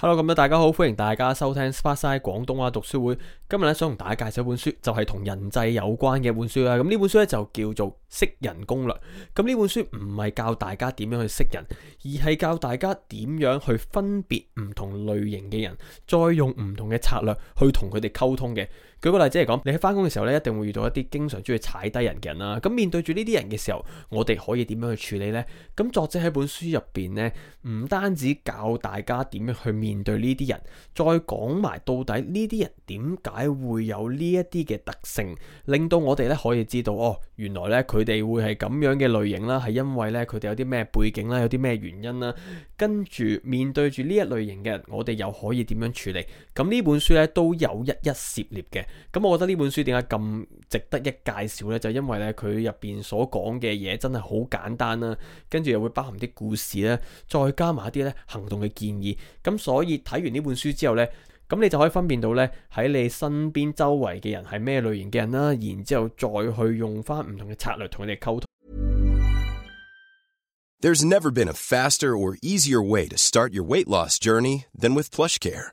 hello，咁樣大家好，歡迎大家收聽 Sparksine 廣東話讀書會。今日咧想同大家介紹一本書，就係、是、同人際有關嘅本書啦。咁呢本書咧就叫做識人攻略。咁呢本書唔係教大家點樣去識人，而係教大家點樣去分別唔同類型嘅人，再用唔同嘅策略去同佢哋溝通嘅。舉個例子嚟講，你喺返工嘅時候咧，一定會遇到一啲經常鍾意踩低人嘅人啦。咁面對住呢啲人嘅時候，我哋可以點樣去處理呢？咁作者喺本書入邊呢，唔單止教大家點樣去面對呢啲人，再講埋到底呢啲人點解會有呢一啲嘅特性，令到我哋咧可以知道哦，原來咧佢哋會係咁樣嘅類型啦，係因為咧佢哋有啲咩背景啦，有啲咩原因啦。跟住面對住呢一類型嘅人，我哋又可以點樣處理？咁呢本書呢，都有一一涉獵嘅。咁我覺得呢本書點解咁值得一介紹呢？就因為咧佢入邊所講嘅嘢真係好簡單啦，跟住又會包含啲故事啦，再加埋一啲咧行動嘅建議。咁所以睇完呢本書之後呢，咁你就可以分辨到呢，喺你身邊周圍嘅人係咩類型嘅人啦，然之後再去用翻唔同嘅策略同佢哋溝通。There's never been a faster or easier way to start your weight loss journey than with plush care.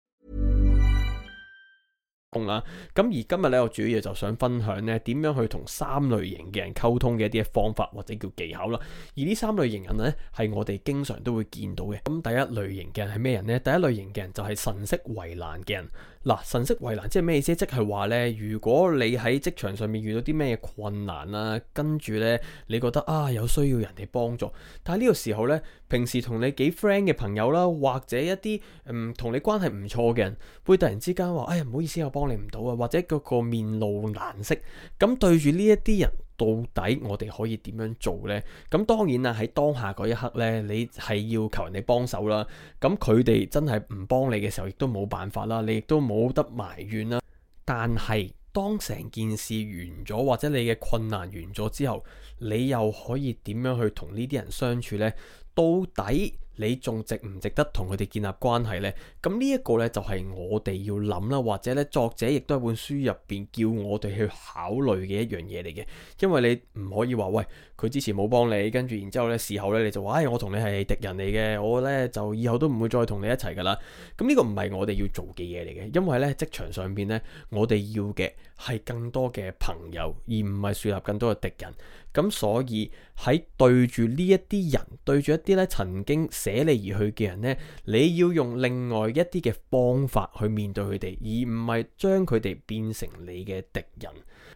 啦，咁、啊、而今日咧，我主要就想分享咧，點樣去同三類型嘅人溝通嘅一啲方法或者叫技巧啦。而呢三類型人咧，係我哋經常都會見到嘅。咁、嗯、第一類型嘅人係咩人呢？第一類型嘅人就係神色為難嘅人。嗱，神色為難即係咩意思？即係話呢，如果你喺職場上面遇到啲咩困難啦、啊，跟住呢，你覺得啊有需要人哋幫助，但係呢個時候呢，平時同你幾 friend 嘅朋友啦，或者一啲嗯同你關係唔錯嘅人，會突然之間話，哎呀唔好意思，我幫你唔到啊，或者嗰個面露難色，咁對住呢一啲人。到底我哋可以點樣做呢？咁當然啦，喺當下嗰一刻呢，你係要求人哋幫手啦。咁佢哋真係唔幫你嘅時候，亦都冇辦法啦，你亦都冇得埋怨啦。但係當成件事完咗，或者你嘅困難完咗之後，你又可以點樣去同呢啲人相處呢？到底。你仲值唔值得同佢哋建立關係呢？咁呢一個呢，就係我哋要諗啦，或者呢，作者亦都係本書入邊叫我哋去考慮嘅一樣嘢嚟嘅，因為你唔可以話喂。佢之前冇幫你，跟住然之後咧，事後咧你就話，唉、哎，我同你係敵人嚟嘅，我咧就以後都唔會再同你一齊㗎喇。咁呢個唔係我哋要做嘅嘢嚟嘅，因為咧職場上邊咧，我哋要嘅係更多嘅朋友，而唔係樹立更多嘅敵人。咁、嗯、所以喺對住呢一啲人，對住一啲咧曾經捨你而去嘅人咧，你要用另外一啲嘅方法去面對佢哋，而唔係將佢哋變成你嘅敵人。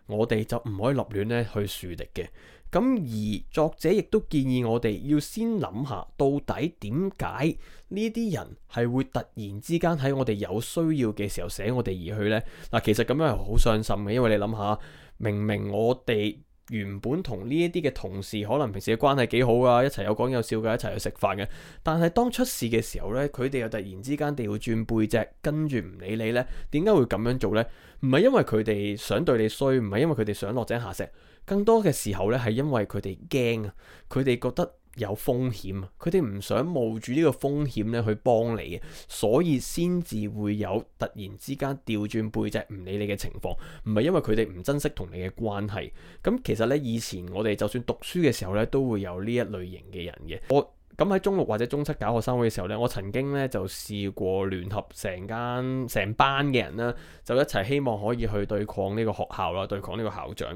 我哋就唔可以立亂咧去樹敵嘅。咁而作者亦都建議我哋要先諗下，到底點解呢啲人係會突然之間喺我哋有需要嘅時候捨我哋而去呢？嗱，其實咁樣係好傷心嘅，因為你諗下，明明我哋。原本同呢一啲嘅同事可能平時嘅關係幾好啊，一齊有講有笑嘅，一齊去食飯嘅。但係當出事嘅時候呢，佢哋又突然之間地會轉背脊，跟住唔理你呢，點解會咁樣做呢？唔係因為佢哋想對你衰，唔係因為佢哋想落井下石。更多嘅時候呢，係因為佢哋驚，佢哋覺得。有風險，佢哋唔想冒住呢個風險咧去幫你，所以先至會有突然之間掉轉背脊唔理你嘅情況。唔係因為佢哋唔珍惜同你嘅關係。咁其實呢，以前我哋就算讀書嘅時候呢，都會有呢一類型嘅人嘅。我咁喺中六或者中七搞學生會嘅時候呢，我曾經呢就試過聯合成間成班嘅人啦，就一齊希望可以去對抗呢個學校啦，對抗呢個校長。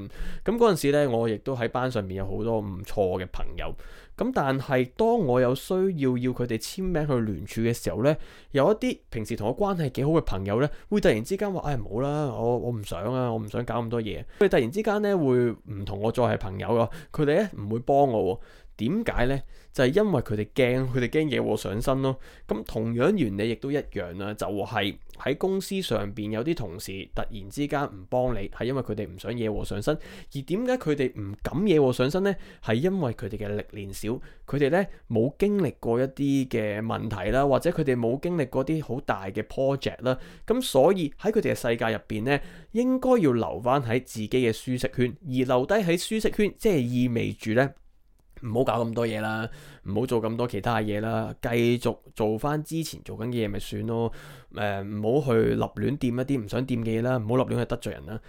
咁嗰陣時咧，我亦都喺班上面有好多唔錯嘅朋友。咁但係當我有需要要佢哋簽名去聯署嘅時候呢，有一啲平時同我關係幾好嘅朋友呢，會突然之間話：唉，冇啦，我我唔想啊，我唔想搞咁多嘢。佢哋突然之間呢，會唔同我再係朋友咯。佢哋呢唔會幫我喎。點解呢？就係、是、因為佢哋驚，佢哋驚惹禍上身咯。咁同樣原理亦都一樣啦，就係、是、喺公司上邊有啲同事突然之間唔幫你，係因為佢哋唔想惹禍上身。而點解佢哋唔敢惹禍上身呢？係因為佢哋嘅歷練少，佢哋呢冇經歷過一啲嘅問題啦，或者佢哋冇經歷過啲好大嘅 project 啦。咁、呃、所以喺佢哋嘅世界入邊呢，應該要留返喺自己嘅舒適圈，而留低喺舒適圈，即係意味住呢。唔好搞咁多嘢啦，唔好做咁多其他嘢啦，繼續做返之前做緊嘅嘢咪算咯。誒、呃，唔好去立亂掂一啲唔想掂嘅嘢啦，唔好立亂去得罪人啦。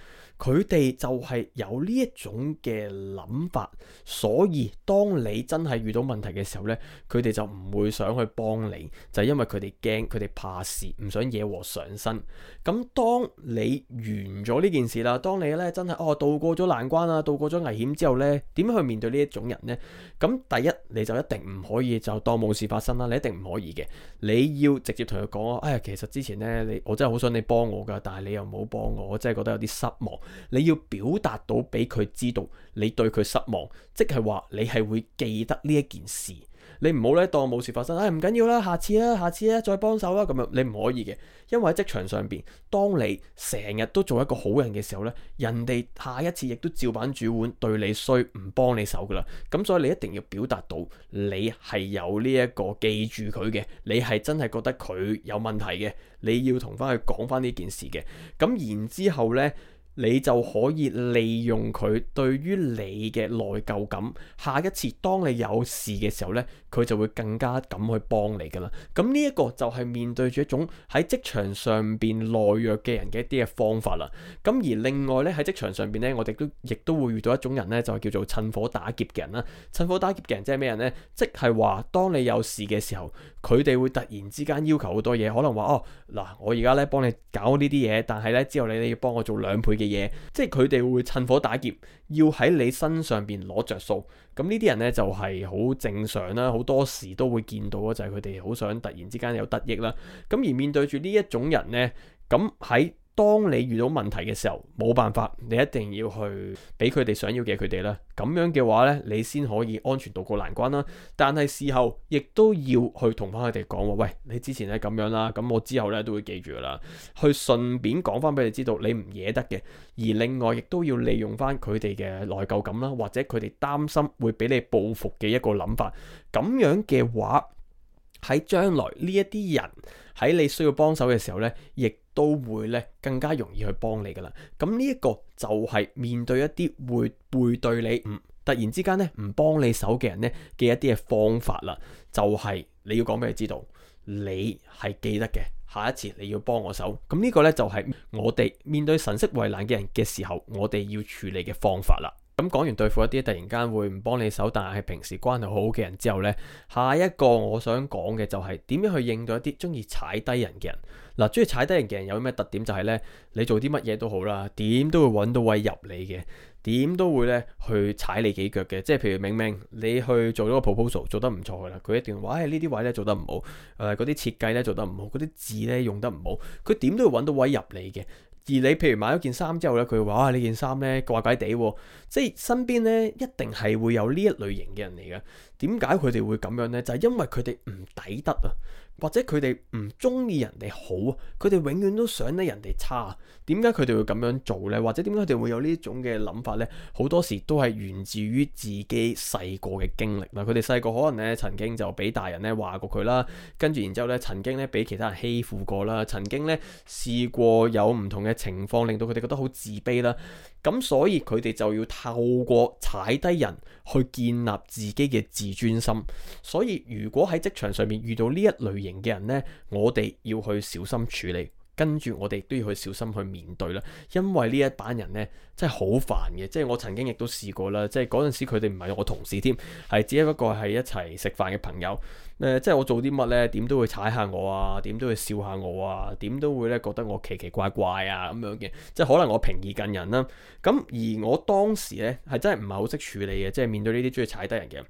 佢哋就係有呢一種嘅諗法，所以當你真係遇到問題嘅時候呢，佢哋就唔會想去幫你，就因為佢哋驚，佢哋怕事，唔想惹禍上身。咁當你完咗呢件事啦，當你咧真係哦渡過咗難關啊，渡過咗危險之後咧，點樣去面對呢一種人呢？咁第一你就一定唔可以就當冇事發生啦，你一定唔可以嘅。你要直接同佢講，哎呀，其實之前呢，你我真係好想你幫我噶，但係你又冇幫我，我真係覺得有啲失望。你要表達到俾佢知道，你對佢失望，即係話你係會記得呢一件事。你唔好咧當冇事發生，唉、哎，唔緊要啦，下次啦，下次咧再幫手啦。咁樣你唔可以嘅，因為喺職場上邊，當你成日都做一個好人嘅時候咧，人哋下一次亦都照板煮碗對你衰唔幫你手㗎喇。咁所以你一定要表達到你係有呢一個記住佢嘅，你係真係覺得佢有問題嘅，你要同翻佢講翻呢件事嘅。咁然之後咧。你就可以利用佢對於你嘅內疚感，下一次當你有事嘅時候呢，佢就會更加咁去幫你噶啦。咁呢一個就係面對住一種喺職場上邊懦弱嘅人嘅一啲嘅方法啦。咁而另外呢，喺職場上邊呢，我哋都亦都會遇到一種人呢，就係叫做趁火打劫嘅人啦。趁火打劫嘅人即係咩人呢？即係話當你有事嘅時候，佢哋會突然之間要求好多嘢，可能話哦嗱，我而家呢幫你搞呢啲嘢，但係呢之後你你要幫我做兩倍。嘅嘢，即係佢哋會趁火打劫，要喺你身上邊攞着數。咁呢啲人呢，就係好正常啦，好多時都會見到，就係佢哋好想突然之間有得益啦。咁而面對住呢一種人呢，咁喺。當你遇到問題嘅時候，冇辦法，你一定要去俾佢哋想要嘅佢哋啦。咁樣嘅話呢，你先可以安全渡過難關啦。但係事後亦都要去同翻佢哋講話，喂，你之前係咁樣啦，咁我之後咧都會記住噶啦。去順便講翻俾你知道，你唔惹得嘅。而另外亦都要利用翻佢哋嘅內疚感啦，或者佢哋擔心會俾你報復嘅一個諗法。咁樣嘅話，喺將來呢一啲人喺你需要幫手嘅時候呢，亦都會咧更加容易去幫你噶啦，咁呢一個就係面對一啲會背對你，突然之間咧唔幫你手嘅人咧嘅一啲嘅方法啦，就係、是、你要講俾佢知道，你係記得嘅，下一次你要幫我手。咁呢個呢，就係我哋面對神色為難嘅人嘅時候，我哋要處理嘅方法啦。咁講完對付一啲突然間會唔幫你手，但係平時關係好好嘅人之後呢，下一個我想講嘅就係點樣去應對一啲中意踩低人嘅人。嗱，中意踩低人嘅人有咩特點？就係咧，你做啲乜嘢都好啦，點都會揾到位入你嘅，點都會咧去踩你幾腳嘅。即係譬如明明你去做咗個 proposal 做得唔錯嘅啦，佢一定話：唉、哎，呢啲位咧做得唔好，誒嗰啲設計咧做得唔好，嗰啲字咧用得唔好。佢點都會揾到位入你嘅。而你譬如買咗件衫之後咧，佢會話：哇，呢件衫咧怪怪地、啊，即係身邊咧一定係會有呢一類型嘅人嚟嘅。點解佢哋會咁樣呢？就係因為佢哋唔抵得啊，或者佢哋唔中意人哋好啊，佢哋永遠都想得人哋差啊。點解佢哋會咁樣做呢？或者點解佢哋會有呢種嘅諗法呢？好多時都係源自於自己細個嘅經歷啦。佢哋細個可能咧曾經就俾大人咧話過佢啦，跟住然之後咧曾經咧俾其他人欺負過啦，曾經咧試過有唔同嘅情況令到佢哋覺得好自卑啦。咁所以佢哋就要透過踩低人去建立自己嘅自尊心。所以如果喺職場上面遇到呢一類型嘅人呢，我哋要去小心處理。跟住我哋都要去小心去面對啦，因為呢一班人呢，真係好煩嘅。即係我曾經亦都試過啦，即係嗰陣時佢哋唔係我同事添，係只係一個係一齊食飯嘅朋友。誒、呃，即係我做啲乜呢？點都會踩下我啊，點都會笑下我啊，點都會咧覺得我奇奇怪怪啊咁樣嘅。即係可能我平易近人啦。咁、啊、而我當時呢，係真係唔係好識處理嘅，即係面對呢啲中意踩低人嘅人。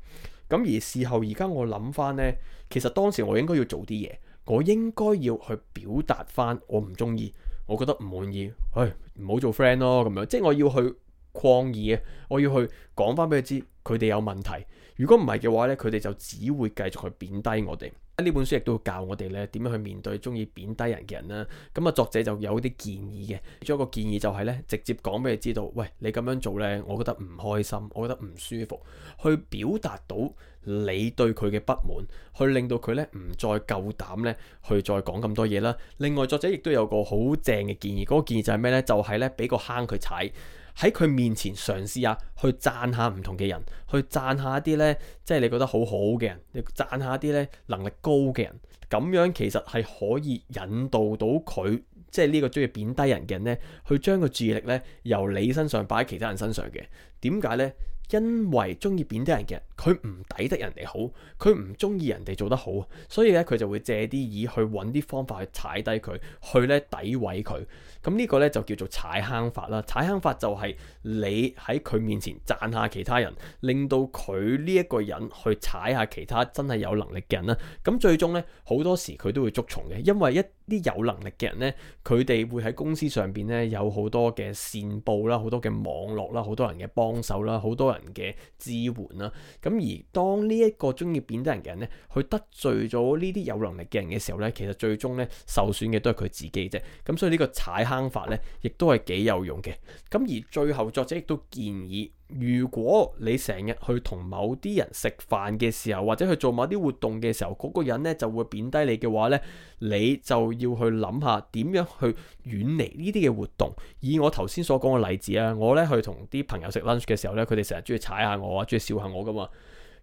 咁、啊、而事後而家我諗翻呢，其實當時我應該要做啲嘢。我應該要去表達翻，我唔中意，我覺得唔滿意，唉、哎，唔好做 friend 咯，咁樣，即係我要去抗議啊！我要去講翻俾佢知，佢哋有問題。如果唔係嘅話呢，佢哋就只會繼續去貶低我哋。呢本書亦都會教我哋呢點樣去面對中意貶低人嘅人啦。咁啊，作者就有啲建議嘅。其中一個建議就係呢：直接講俾佢知道，喂，你咁樣做呢，我覺得唔開心，我覺得唔舒服，去表達到你對佢嘅不滿，去令到佢呢唔再夠膽呢去再講咁多嘢啦。另外，作者亦都有個好正嘅建議，嗰個建議就係咩呢？就係呢，俾個坑佢踩。喺佢面前嘗試下去讚下唔同嘅人，去讚下一啲呢，即係你覺得好好嘅人，你讚下啲呢能力高嘅人，咁樣其實係可以引導到佢，即係呢個鍾意貶低人嘅人呢，去將個注意力呢由你身上擺喺其他人身上嘅。點解呢？因為鍾意貶低人嘅人，佢唔抵得人哋好，佢唔中意人哋做得好，所以咧佢就會借啲意去揾啲方法去踩低佢，去咧詆毀佢。咁、這個、呢個咧就叫做踩坑法啦。踩坑法就係你喺佢面前讚下其他人，令到佢呢一個人去踩下其他真係有能力嘅人啦。咁最終呢，好多時佢都會捉蟲嘅，因為一啲有能力嘅人呢，佢哋會喺公司上邊呢，有好多嘅線報啦，好多嘅網絡啦，好多人嘅幫手啦，好多人嘅支援啦。咁而當呢一個中意貶低人嘅人呢，去得罪咗呢啲有能力嘅人嘅時候呢，其實最終呢，受損嘅都係佢自己啫。咁所以呢個踩坑法呢，亦都係幾有用嘅。咁而最後作者亦都建議。如果你成日去同某啲人食飯嘅時候，或者去做某啲活動嘅時候，嗰個人呢就會貶低你嘅話呢，你就要去諗下點樣去遠離呢啲嘅活動。以我頭先所講嘅例子啊，我呢去同啲朋友食 lunch 嘅時候呢，佢哋成日中意踩下我啊，中意笑下我噶嘛。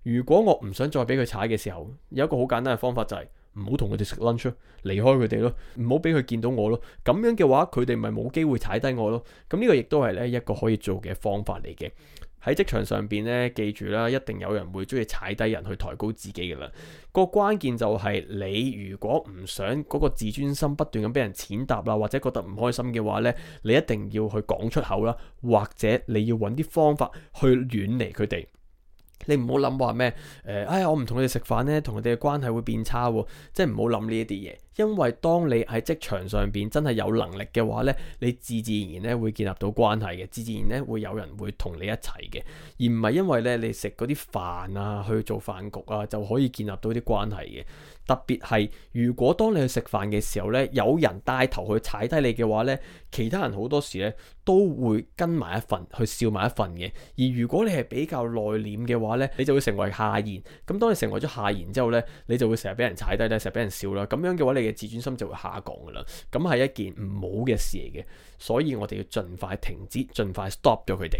如果我唔想再俾佢踩嘅時候，有一個好簡單嘅方法就係。唔好同佢哋食 lunch 啊，離開佢哋咯，唔好俾佢見到我咯。咁樣嘅話，佢哋咪冇機會踩低我咯。咁呢個亦都係咧一個可以做嘅方法嚟嘅。喺職場上邊咧，記住啦，一定有人會中意踩低人去抬高自己噶啦。個關鍵就係你如果唔想嗰個自尊心不斷咁俾人踐踏啦，或者覺得唔開心嘅話咧，你一定要去講出口啦，或者你要揾啲方法去遠離佢哋。你唔好諗話咩？誒，哎呀，我唔同佢哋食飯咧，同佢哋嘅關係會變差喎。即係唔好諗呢一啲嘢。因為當你喺職場上邊真係有能力嘅話呢，你自自然然咧會建立到關係嘅，自自然咧會有人會同你一齊嘅，而唔係因為咧你食嗰啲飯啊去做飯局啊就可以建立到啲關係嘅。特別係如果當你去食飯嘅時候呢，有人帶頭去踩低你嘅話呢，其他人好多時呢都會跟埋一份去笑埋一份嘅。而如果你係比較內斂嘅話呢，你就會成為下言。咁當你成為咗下言之後呢，你就會成日俾人踩低咧，成日俾人笑啦。咁樣嘅話你嘅自尊心就會下降噶啦，咁係一件唔好嘅事嚟嘅，所以我哋要盡快停止，盡快 stop 咗佢哋。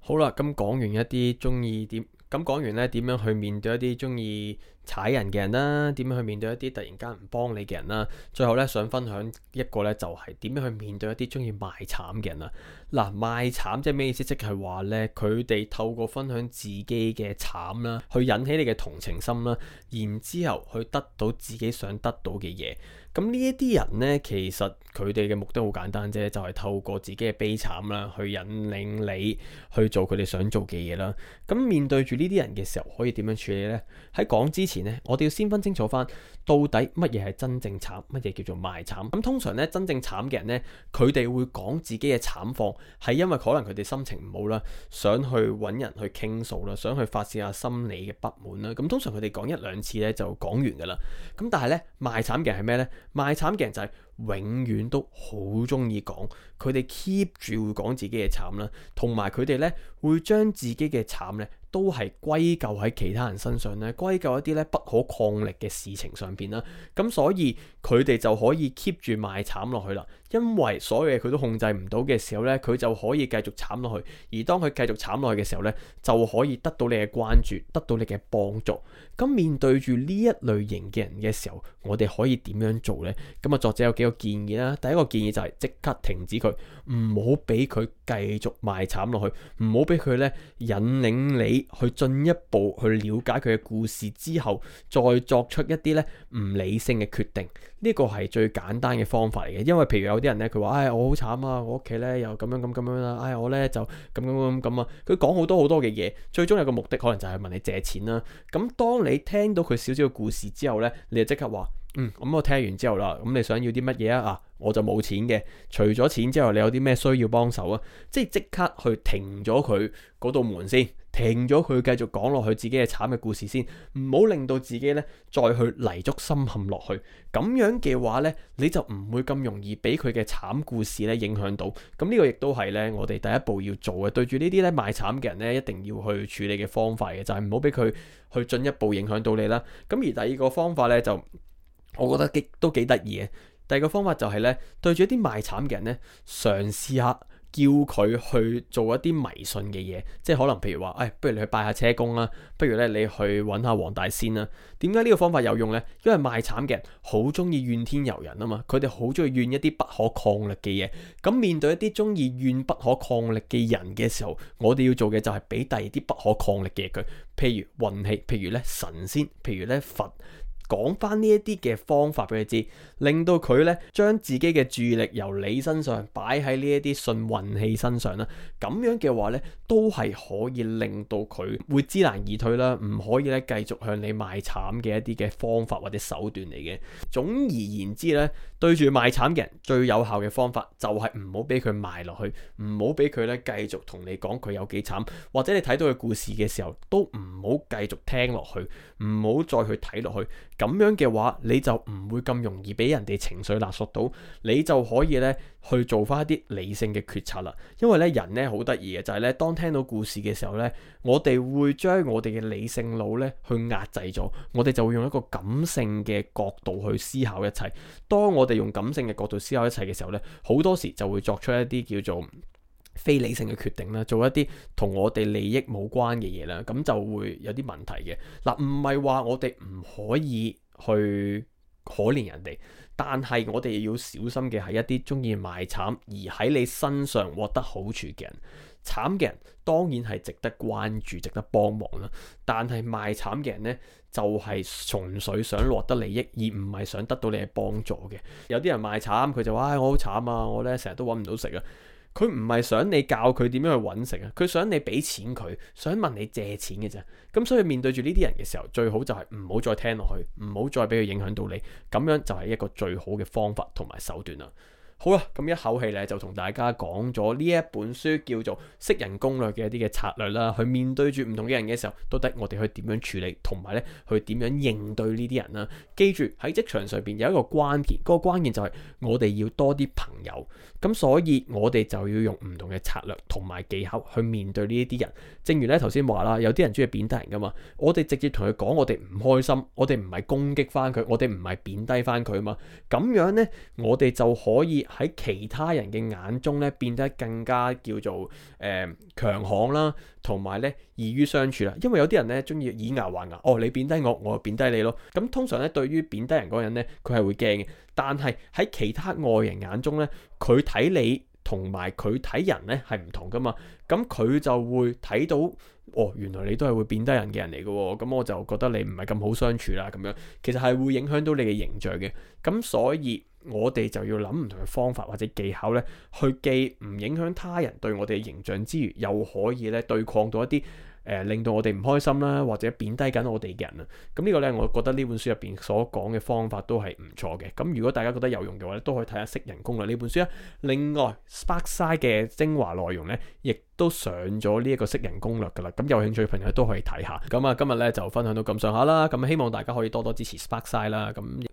好啦，咁講完一啲中意啲。咁講完呢點樣去面對一啲中意踩人嘅人啦？點樣去面對一啲突然間唔幫你嘅人啦？最後呢，想分享一個呢就係點樣去面對一啲中意賣慘嘅人啊！嗱，賣慘即係咩意思？即係話呢，佢哋透過分享自己嘅慘啦，去引起你嘅同情心啦，然之後去得到自己想得到嘅嘢。咁呢一啲人呢，其實佢哋嘅目的好簡單啫，就係透過自己嘅悲慘啦，去引領你去做佢哋想做嘅嘢啦。咁面對住呢啲人嘅時候，可以點樣處理呢？喺講之前呢，我哋要先分清楚翻，到底乜嘢係真正慘，乜嘢叫做賣慘。咁通常呢，真正慘嘅人呢，佢哋會講自己嘅慘況，係因為可能佢哋心情唔好啦，想去揾人去傾訴啦，想去發泄下心理嘅不滿啦。咁通常佢哋講一兩次呢，就講完噶啦。咁但係呢，賣慘嘅人係咩呢？賣慘鏡仔。永遠都好中意講，佢哋 keep 住會講自己嘅慘啦，同埋佢哋呢會將自己嘅慘呢都係歸咎喺其他人身上呢，歸咎一啲呢不可抗力嘅事情上邊啦。咁、啊嗯、所以佢哋就可以 keep 住賣慘落去啦，因為所有嘢佢都控制唔到嘅時候呢，佢就可以繼續慘落去。而當佢繼續慘落去嘅時候呢，就可以得到你嘅關注，得到你嘅幫助。咁、嗯、面對住呢一類型嘅人嘅時候，我哋可以點樣做呢？咁、嗯、啊，作者有幾建議啦，第一個建議就係即刻停止佢，唔好俾佢繼續賣慘落去，唔好俾佢呢引領你去進一步去了解佢嘅故事之後，再作出一啲呢唔理性嘅決定。呢個係最簡單嘅方法嚟嘅，因為譬如有啲人呢，佢話唉，我好慘啊，我屋企呢又咁樣咁咁樣啦、啊，唉、哎，我呢就咁咁咁咁啊，佢講好多好多嘅嘢，最終有個目的可能就係問你借錢啦、啊。咁當你聽到佢少少嘅故事之後呢，你就即刻話。嗯，咁、嗯、我聽完之後啦，咁、嗯、你想要啲乜嘢啊？啊，我就冇錢嘅，除咗錢之後，你有啲咩需要幫手啊？即係即刻去停咗佢嗰道門先，停咗佢繼續講落去自己嘅慘嘅故事先，唔好令到自己呢再去泥足深陷落去。咁樣嘅話呢，你就唔會咁容易俾佢嘅慘故事咧影響到。咁呢個亦都係呢我哋第一步要做嘅，對住呢啲呢賣慘嘅人呢，一定要去處理嘅方法嘅，就係唔好俾佢去進一步影響到你啦。咁而第二個方法呢，就。我覺得幾都幾得意嘅。第二個方法就係咧，對住一啲賣慘嘅人咧，嘗試下叫佢去做一啲迷信嘅嘢，即係可能譬如話，誒、哎，不如你去拜下車公啦、啊，不如咧你去揾下黃大仙啦、啊。點解呢個方法有用呢？因為賣慘嘅人好鍾意怨天尤人啊嘛，佢哋好鍾意怨一啲不可抗力嘅嘢。咁面對一啲鍾意怨不可抗力嘅人嘅時候，我哋要做嘅就係俾第二啲不可抗力嘅嘢佢，譬如運氣，譬如咧神仙，譬如咧佛。講翻呢一啲嘅方法俾佢知，令到佢呢將自己嘅注意力由你身上擺喺呢一啲信運氣身上啦。咁樣嘅話呢，都係可以令到佢會知難而退啦，唔可以咧繼續向你賣慘嘅一啲嘅方法或者手段嚟嘅。總而言之呢，對住賣慘嘅人，最有效嘅方法就係唔好俾佢賣落去，唔好俾佢呢繼續同你講佢有幾慘，或者你睇到佢故事嘅時候都唔好繼續聽落去，唔好再去睇落去。咁樣嘅話，你就唔會咁容易俾人哋情緒勒索到，你就可以呢去做翻一啲理性嘅決策啦。因為呢，人呢，好得意嘅，就係呢當聽到故事嘅時候呢，我哋會將我哋嘅理性腦呢去壓制咗，我哋就會用一個感性嘅角度去思考一切。當我哋用感性嘅角度思考一切嘅時候呢，好多時就會作出一啲叫做非理性嘅決定啦，做一啲同我哋利益冇關嘅嘢啦，咁就會有啲問題嘅。嗱、呃，唔係話我哋唔可以去可憐人哋，但係我哋要小心嘅係一啲鍾意賣慘而喺你身上獲得好處嘅人。慘嘅人當然係值得關注、值得幫忙啦，但係賣慘嘅人呢，就係純粹想獲得利益，而唔係想得到你嘅幫助嘅。有啲人賣慘，佢就話：「唉、哎，我好慘啊，我呢成日都揾唔到食啊。佢唔係想你教佢點樣去揾食啊！佢想你俾錢佢，想問你借錢嘅啫。咁所以面對住呢啲人嘅時候，最好就係唔好再聽落去，唔好再俾佢影響到你。咁樣就係一個最好嘅方法同埋手段啦。好啦，咁一口氣咧就同大家講咗呢一本書叫做《識人攻略》嘅一啲嘅策略啦。去面對住唔同嘅人嘅時候，到底我哋去點樣處理，同埋咧去點樣應對呢啲人啦？記住喺職場上邊有一個關鍵，嗰個關鍵就係我哋要多啲朋友。咁所以我哋就要用唔同嘅策略同埋技巧去面對呢一啲人。正如咧頭先話啦，有啲人中意貶低人噶嘛，我哋直接同佢講我哋唔開心，我哋唔係攻擊翻佢，我哋唔係貶低翻佢啊嘛。咁樣呢，我哋就可以喺其他人嘅眼中呢，變得更加叫做誒強悍啦。同埋咧，易於相處啦，因為有啲人咧中意以牙還牙，哦，你貶低我，我就貶低你咯。咁、嗯、通常咧，對於貶低人嗰人咧，佢係會驚嘅。但係喺其他外人眼中咧，佢睇你同埋佢睇人咧係唔同噶嘛。咁、嗯、佢就會睇到，哦，原來你都係會貶低人嘅人嚟噶。哦，咁、嗯、我就覺得你唔係咁好相處啦。咁樣其實係會影響到你嘅形象嘅。咁、嗯、所以，我哋就要諗唔同嘅方法或者技巧呢，去既唔影響他人對我哋嘅形象之餘，又可以呢對抗到一啲誒、呃、令到我哋唔開心啦，或者貶低緊我哋嘅人啊。咁、嗯、呢、呢個呢，我覺得呢本書入邊所講嘅方法都係唔錯嘅。咁、嗯、如果大家覺得有用嘅話咧，都可以睇下識人攻略呢本書啊。另外 Sparksine 嘅精華內容呢，亦都上咗呢一個識人攻略噶啦。咁、嗯、有興趣嘅朋友都可以睇下。咁、嗯、啊，今日呢就分享到咁上下啦。咁、嗯、希望大家可以多多支持 Sparksine 啦。咁、嗯。